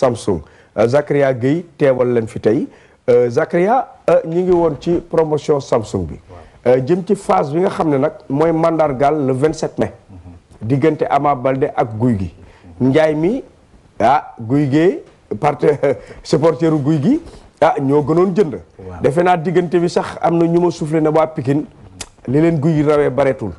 Samsung euh, Zakaria Gueye teewal leen fi tey euh, Zakaria euh, ñi ngi woon ci promotion Samsung bi jëm ci phase bi nga xam ne nag mooy mandargal vingt 27 mai diggante Ama Baldé ak Guy gi Njaay mi ah Guy gee parte supporteru Guy gi ah ñoo gënoon jënd defe naa diggante bi sax am na ñu ma soufflé na waa Pikine li leen Guy gi nawee bareetul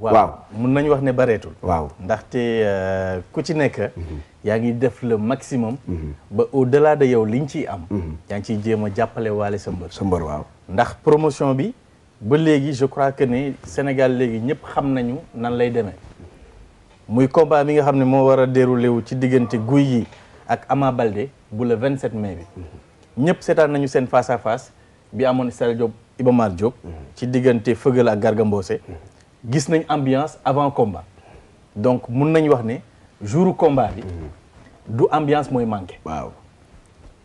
waaw mun nañu wax ne bareetul. waaw ndaxte euh, ku ci nekk. Mhm. yaa ngi def le maximum. Mhm. ba au delà de yow liñ ciy am. Mhm. yaa ngi ciy jéem a jàppale waale sa mbër. sa mbër waaw ndax promotion bi ba léegi je crois que ne Sénégal léegi ñëpp xam nañu nan lay demee. muy combat mi nga xam ne moo war a déroulé wu ci diggante guy yi ak Ama Balde bu le 27 mai bi. ñëpp seetaan nañu seen face à bi amoon Stade Iba Mar Diop. ci diggante Fëgal ak Garga gis nañ ambiance avant combat donc mun nañ wax ne jouru combat bi du ambiance mooy manqué. waaw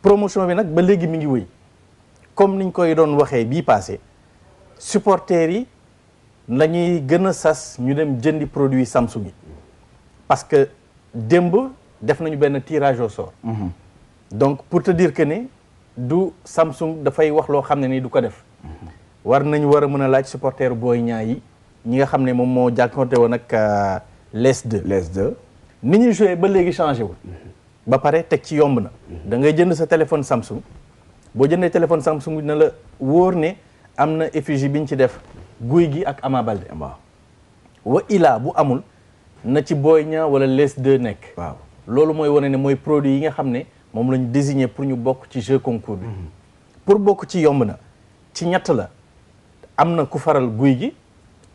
promotion bi nag ba léegi mi ngi wëy comme niñ koy doon waxee bii passé supporters yi la ñuy gën a sas ñu dem jëndi produit Samsung yi parce que démb def nañu benn tirage au sort. Mhm. donc pour te dire que ne du Samsung dafay wax loo xam ne nii du ko def. Mhm. war nañu war a mën a laaj supporter booy Niang yi. ñi nga xam ne moom moo jàkkoonte woon ak euh, les 2 les 2 ni ñuy joué ba léegi changé wul mm-hmm. ba pare teg ci yomb na mm-hmm. da ngay jënd sa téléphone Samsung boo jëndee téléphone Samsung na la wóor ne am na effigie bi ñu ci def guy gi ak bi Baldé wa ilaa bu amul na ci Boy Niang wala les de nekk waaw loolu mooy wane ne mooy produits yi nga xam ne moom lañu désigné pour ñu bokk ci jeu concours bi mm-hmm. pour bokk ci yomb na ci ñett la am na ku faral guy gi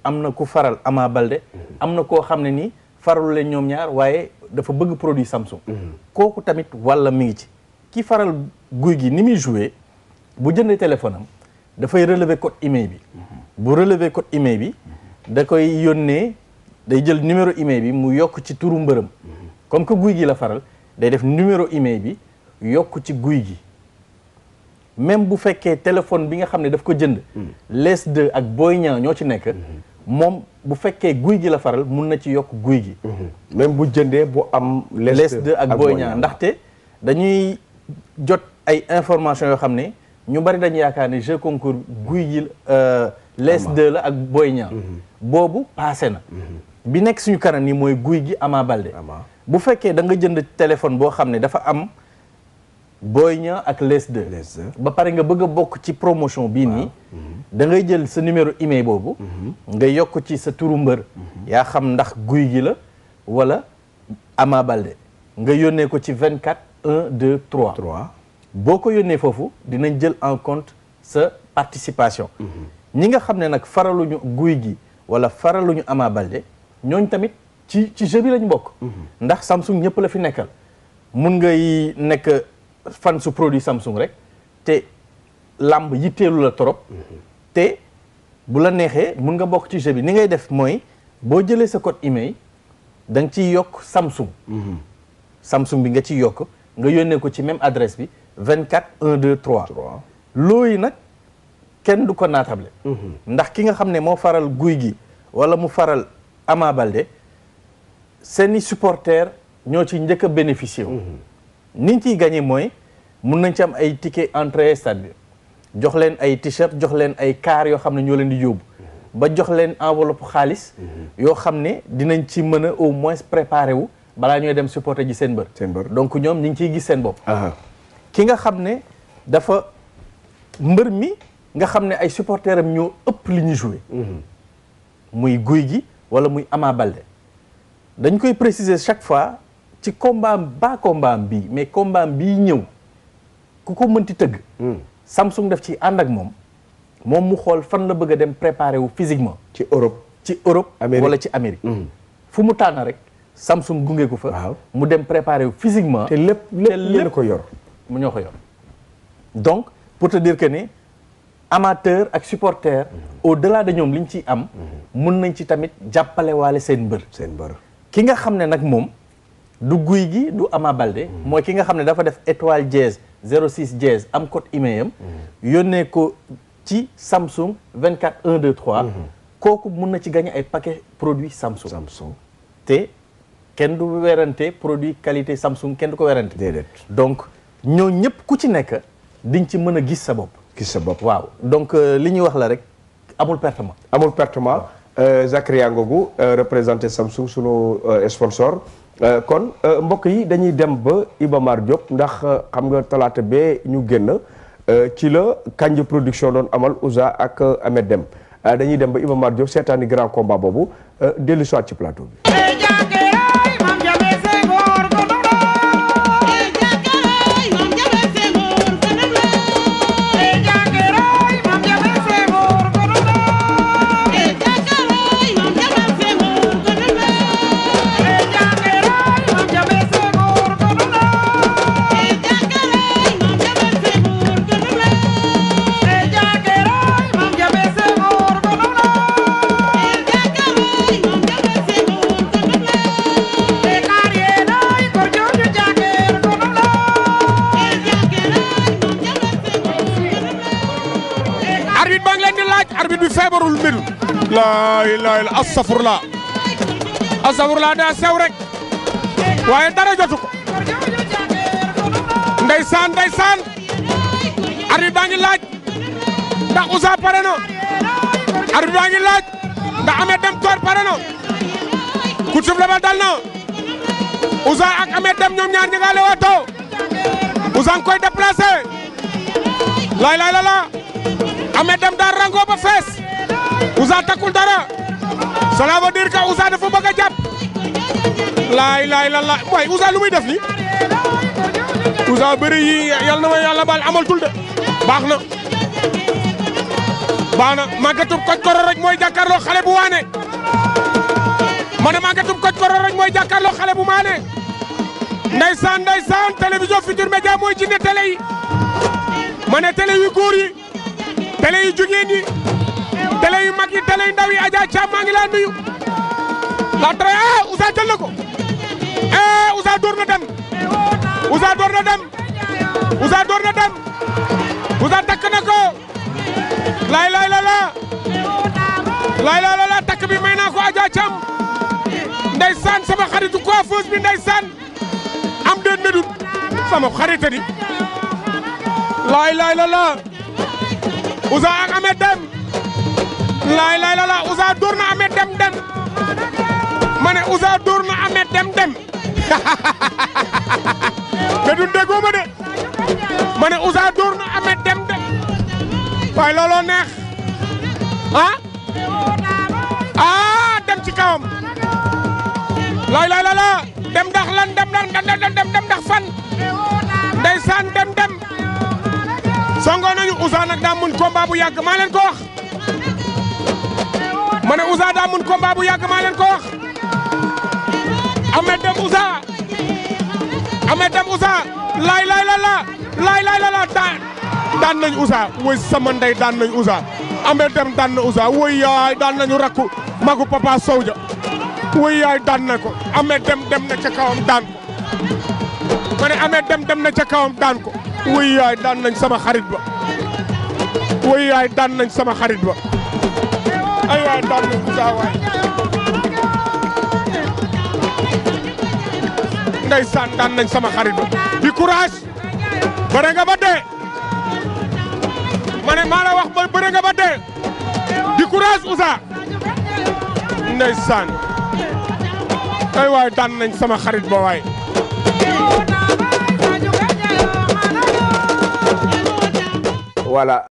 am na ku faral Ama Balde am na koo xam ne ni faralu leen ñoom ñaar waaye dafa bëgg produit Samsung mhm. kooku tamit walla mi ngi ci ki faral guy gi ni muy joué bu jëndee téléphone am dafay relever code email bi mhm. bu relever code email bi mhm. da koy yónnee day jël numéro email bi mu yokk ci turu mbërëm comme que guy gi la faral day def numéro email bi yokk ci guy gi même bu fekkee téléphone bi nga xam ne daf ko jënd less deux ak Boy Niang ñoo ci nekk moom bu fekkee guy gi la faral mun na ci yokk guy gi. Mhm. même bu jëndee bu am. les ak Boy ñaar ndaxte dañuy jot ay information yoo xam ne ñu bari dañu yaakaar ni jeu concours guy gi euh, les deux la ak Boy Niang mhm. boobu paase na. Mhm. bi nekk suñu kanam ni mooy guy gi Ama Balde. bu fekkee da nga jënd téléphone boo xam ne dafa am. Boy Niang ak les ba pare nga bëgg a bokk ci promotion bii nii. da ngay jël sa numéro email boobu. Mhm. nga yokk ci sa turu mbër. Mhm. yaa xam ndax guy gi la wala Ama Balde nga yónnee ko ci 24 1 2 3. 3 boo ko yónnee foofu dinañ jël en compte sa participation. Mhm. ñi nga xam ne nag faraluñu guy gi wala faraluñu Ama Balde ñooñ tamit ci ci jeu lañ bokk. ndax Samsung ñëpp la fi nekkal mun ngay nekk fan su produit Samsung rek te làmb yitteelu la trop. te bu la neexee mun nga bokk ci jeu bi ni ngay def mooy boo jëlee sa code email da nga ciy yokk Samsung. Mhm. Samsung bi nga ciy yokk nga yónnee ko ci même adresse bi 24 1 2 3. 3 looyi nag kenn du ko naatable. Mhm. ndax ki nga xam ne moo faral guy gi wala mu faral Ama Balde seeni supporters ñoo ci njëkk a bénéficié wu. Mhm. ni ciy gagné mooy mun nañ ci am ay ticket entre stade bi. jox leen ay t-shirt jox leen ay kaar yoo xam ne ñoo leen di yóbbu ba jox leen enveloppe xaalis yoo xam ne dinañ ci mën a au moins préparer wu balaa ñooy dem supporter ji seen bër donc ñoom ñu ngi ciy gis seen bopp ah. ki nga xam ne dafa mbër mi nga xam ne ay supporters am ñoo ëpp li ñu mm-hmm. muy guy gi wala muy Ama Baldé dañ koy préciser chaque fois ci combat ba combat bi mais combat bii ñëw ku ko mënti tëgg mm. Samsung def ci ànd ak moom moom mu xool fan la bëgg a dem préparer wu physiquement. ci Europe ci Europe. walla ci Amérique. Mm-hmm. fu mu tànn rek Samsung gunge ko fa. waaw mu dem préparer wu physiquement. te lépp lépp ko yor mu ñoo ko yor. donc pour te dire que ne amateur ak supporter mm-hmm. au delà de ñoom li ñu ciy am. Mm-hmm. mun nañ ci tamit jàppalewaale seen mbër. seen mbër ki nga xam ne nag moom du guy gi du Ama Baldé. mooy ki nga xam ne dafa def étoile jazz. 06 dièse am code email am yónnee ko ci Samsung 24 123 mhm. kooku mun na ci gagné ay paquet produit Samsung Samsung te kenn du werante produit qualité Samsung kenn du ko werante déedéet donc ñoo ñëpp ku ci nekk diñ ci mën a gis sa bopp gis sa bopp waaw donc euh, li ñuy wax la rek amul ma amul pertement euh, Zakaria Ngogu euh, représenté Samsung sunu sponsor Euh, kon euh, mbokk yi dañuy dem ba Iba Mar ndax euh, xam nga talaata bee ñu génn ci la Kanj production doon amal Ouza ak Ahmed Dem dañuy dem ba Iba Mar seetaani grand combat boobu dellu soit ci plateau bi laa ilaaha illa astafurlaa astafurlaa daa sew rek waaye dara jotu ko ndeysaan ndeysaan arbi baa ngi laaj ndax Ousa pare na arbi baa ngi laaj ndax Ameth Deme Tóor pare na coup de sifflet dal na Ousa ak Ameth Deme ñoom ñaar ñi nga leewaatoo Ousa nga koy déplacé lay la la Ameth Deme ba fees Ouza takkul dara cela veut dire que Ouza dafa bëgg a jàpp laay laay la laay def nii Ouza bëri yi yal na ma yàlla baal amatul de baax na baax na màggatub koj koro mooy jàkkaarloo xale bu waane ma ne màggatub koj koro rek mooy jàkkaarloo xale bu maane ndeysaan ndeysaan télévision Futurs Médias mooy jinne télé yi ma ne télé yu yi télé yu jigéen yi télé yu mag yi télé yi Adja Thiam maa ngi laa nuyu la traité ah ko eh Ousa door dem Ousa door dem Ousa door na ko laay laay la la laay laay la bi may ko Adja ndeysaan sama xaritu coiffeuse bi ndeysaan am de nedut sama xarit di laay laay la la Ousa ak Ahmed laay laay la la Ousa na Amet dem dem ma ne Ousa dóor na Amet dem dem da du déggoo de ma ne Ousa dóor na Amet dem dem waaye looloo neex ah, ah dem ci kawam laay laay la la dem ndax lan dem ndax dem ndax fan ndeysaan dem dem songo nañu Ousa nag daa mun combat yàgg maa leen ko ma ne Ouza daa mun combat bu yàgg maa leen ko wax Ahmed Deme Ouza Ahmed Deme Ouza laay laay la la laay laay la la daan daan nañ Ouza sama ndey daan nañ Ouza Ahmed Deme daan na Ouza woy yaay daan nañu rakku magu Papa Sow ja yaay daan na ko Ahmed Deme dem na ca kawam daan ko ma ne dem na ca kawam daan ko woy yaay daan nañ sama xarit ba woy yaay daan nañ sama xarit ba ay waay ndam bu daa waay ndeysaan daan nañ sama xarit ba di courage bëre nga ba dee ma ne maa la wax ba bëre nga ba dee di courage Ousa ndeysaan ay waay daan nañ sama xarit ba waay voilà